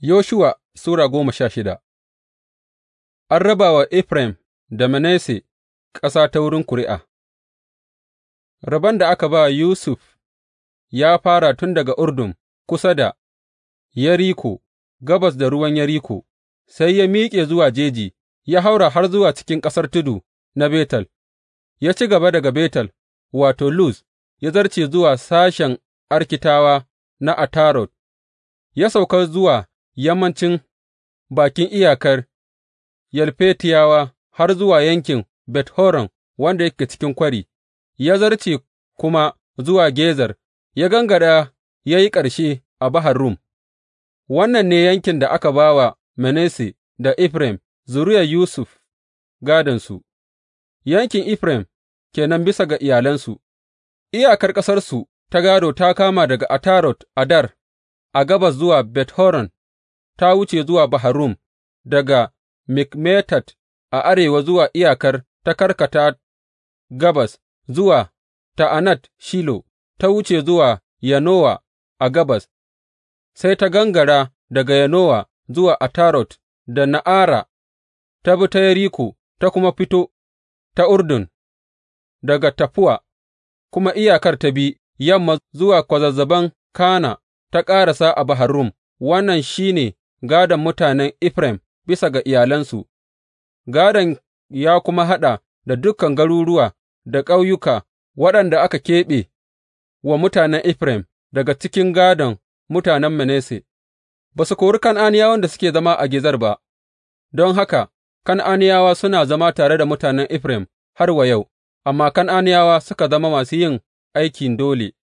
Yoshuwa Sura goma sha shida An raba wa Efraim da Manasse ƙasa ta wurin ƙuri'a Rabon da aka ba Yusuf ya fara tun daga Urdun kusa da Yeriko, gabas da ruwan Yeriko, sai ya miƙe zuwa jeji, ya haura har zuwa cikin ƙasar tudu na Betel, ya ci gaba daga Betel, wato, Luz, ya zarce zuwa sashen Arkitawa na Atarot, ya sauka zuwa yammancin bakin iyakar Yalfetiyawa har zuwa yankin Bet Horon wanda yake cikin kwari, ya zarce kuma zuwa Gezer, ya gangara ya yi ƙarshe a Bahar Rum. Wannan ne yankin da aka ba wa Manasse da Efraim, zuriyar Yusuf gādonsu, yankin Efraim kenan bisa ga iyalansu, iyakar ƙasarsu ta gādo ta kama daga Atarot Adar a gabas zuwa Bet Horon ta wuce zuwa Bahar daga Mikmetat a arewa zuwa iyakar ta karkata gabas zuwa Ta'anat Shilo, ta wuce zuwa Yanowa a gabas, sai ta gangara daga Yanowa zuwa Atarot da Na'ara, ta bi ta Yeriko ta kuma fito ta Urdun daga Tafuwa, kuma iyakar ta bi yamma zuwa kwazazzaban Kana ta ƙarasa a Bahar Rum, wannan shi ne. gādon mutanen Efraim bisa ga iyalansu, gādon ya kuma haɗa da dukan garuruwa da ƙauyuka waɗanda aka keɓe wa mutanen Efraim daga cikin gādon mutanen Manasse, ba su kori Kan'aniyawan da suke zama a gizar ba, don haka Kan'aniyawa suna zama tare da mutanen Efraim har wa yau, amma Kan'aniyawa suka zama masu yin aikin dole.